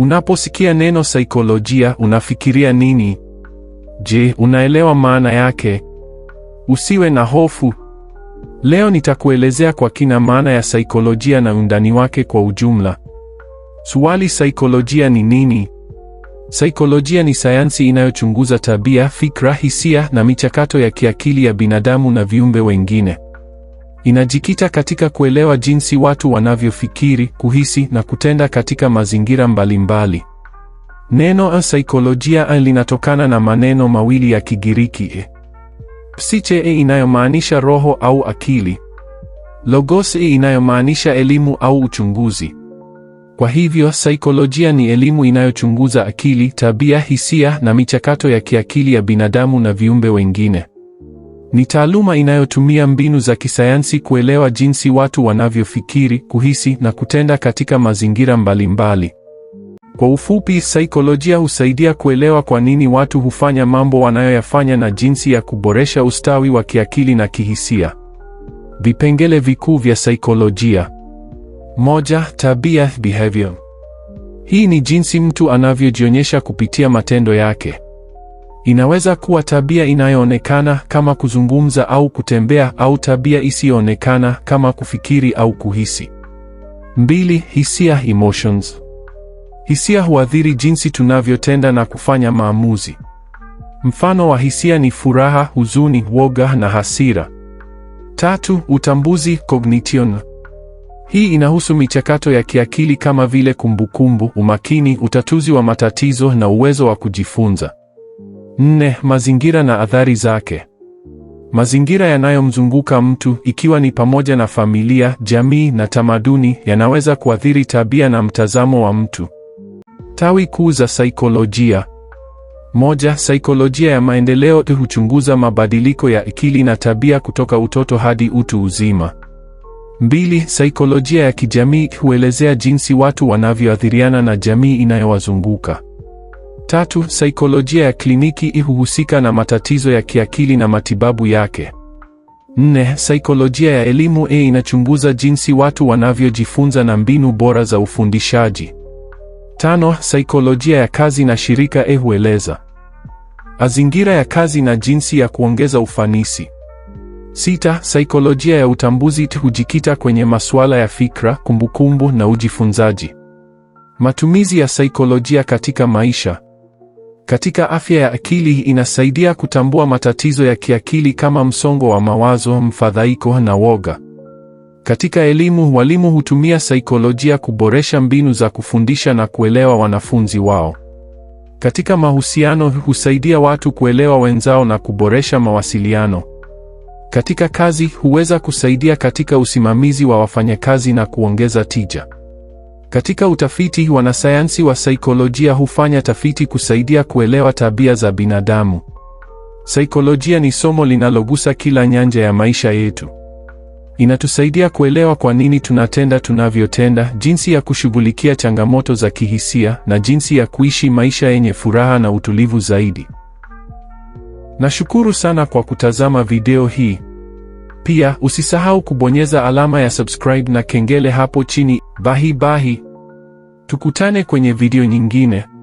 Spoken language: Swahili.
Unaposikia neno saikolojia unafikiria nini? Je, unaelewa maana yake? Usiwe na hofu. Leo nitakuelezea kwa kina maana ya saikolojia na undani wake kwa ujumla. Swali, saikolojia ni nini? Saikolojia ni sayansi inayochunguza tabia, fikra, hisia na michakato ya kiakili ya binadamu na viumbe wengine. Inajikita katika kuelewa jinsi watu wanavyofikiri, kuhisi na kutenda katika mazingira mbalimbali. Neno saikolojia linatokana na maneno mawili ya Kigiriki e, e inayomaanisha roho au akili, logos e inayomaanisha elimu au uchunguzi. Kwa hivyo saikolojia ni elimu inayochunguza akili, tabia, hisia na michakato ya kiakili ya binadamu na viumbe wengine. Ni taaluma inayotumia mbinu za kisayansi kuelewa jinsi watu wanavyofikiri, kuhisi na kutenda katika mazingira mbalimbali. Kwa ufupi, saikolojia husaidia kuelewa kwa nini watu hufanya mambo wanayoyafanya na jinsi ya kuboresha ustawi wa kiakili na kihisia. Vipengele vikuu vya saikolojia. Moja, tabia behavior. Hii ni jinsi mtu anavyojionyesha kupitia matendo yake. Inaweza kuwa tabia inayoonekana kama kuzungumza au kutembea au tabia isiyoonekana kama kufikiri au kuhisi. Mbili, hisia emotions. Hisia huathiri jinsi tunavyotenda na kufanya maamuzi. Mfano wa hisia ni furaha, huzuni, woga na hasira. Tatu, utambuzi cognition. Hii inahusu michakato ya kiakili kama vile kumbukumbu, umakini, utatuzi wa matatizo na uwezo wa kujifunza. Nne, mazingira na athari zake. Mazingira yanayomzunguka mtu, ikiwa ni pamoja na familia, jamii na tamaduni, yanaweza kuathiri tabia na mtazamo wa mtu. Tawi kuu za saikolojia. Moja, saikolojia ya maendeleo huchunguza mabadiliko ya akili na tabia kutoka utoto hadi utu uzima. Mbili, saikolojia ya kijamii huelezea jinsi watu wanavyoathiriana na jamii inayowazunguka. Tatu, saikolojia ya kliniki ihuhusika na matatizo ya kiakili na matibabu yake. Nne, saikolojia ya elimu e inachunguza jinsi watu wanavyojifunza na mbinu bora za ufundishaji. Tano, saikolojia ya kazi na shirika e hueleza mazingira ya kazi na jinsi ya kuongeza ufanisi. Sita, saikolojia ya utambuzi hujikita kwenye masuala ya fikra, kumbukumbu na ujifunzaji. Matumizi ya saikolojia katika maisha katika afya ya akili inasaidia kutambua matatizo ya kiakili kama msongo wa mawazo, mfadhaiko na woga. Katika elimu, walimu hutumia saikolojia kuboresha mbinu za kufundisha na kuelewa wanafunzi wao. Katika mahusiano, husaidia watu kuelewa wenzao na kuboresha mawasiliano. Katika kazi, huweza kusaidia katika usimamizi wa wafanyakazi na kuongeza tija. Katika utafiti, wanasayansi wa saikolojia hufanya tafiti kusaidia kuelewa tabia za binadamu. Saikolojia ni somo linalogusa kila nyanja ya maisha yetu. Inatusaidia kuelewa kwa nini tunatenda tunavyotenda, jinsi ya kushughulikia changamoto za kihisia na jinsi ya kuishi maisha yenye furaha na utulivu zaidi. Nashukuru sana kwa kutazama video hii. Pia usisahau kubonyeza alama ya subscribe na kengele hapo chini. Bahi bahi, tukutane kwenye video nyingine.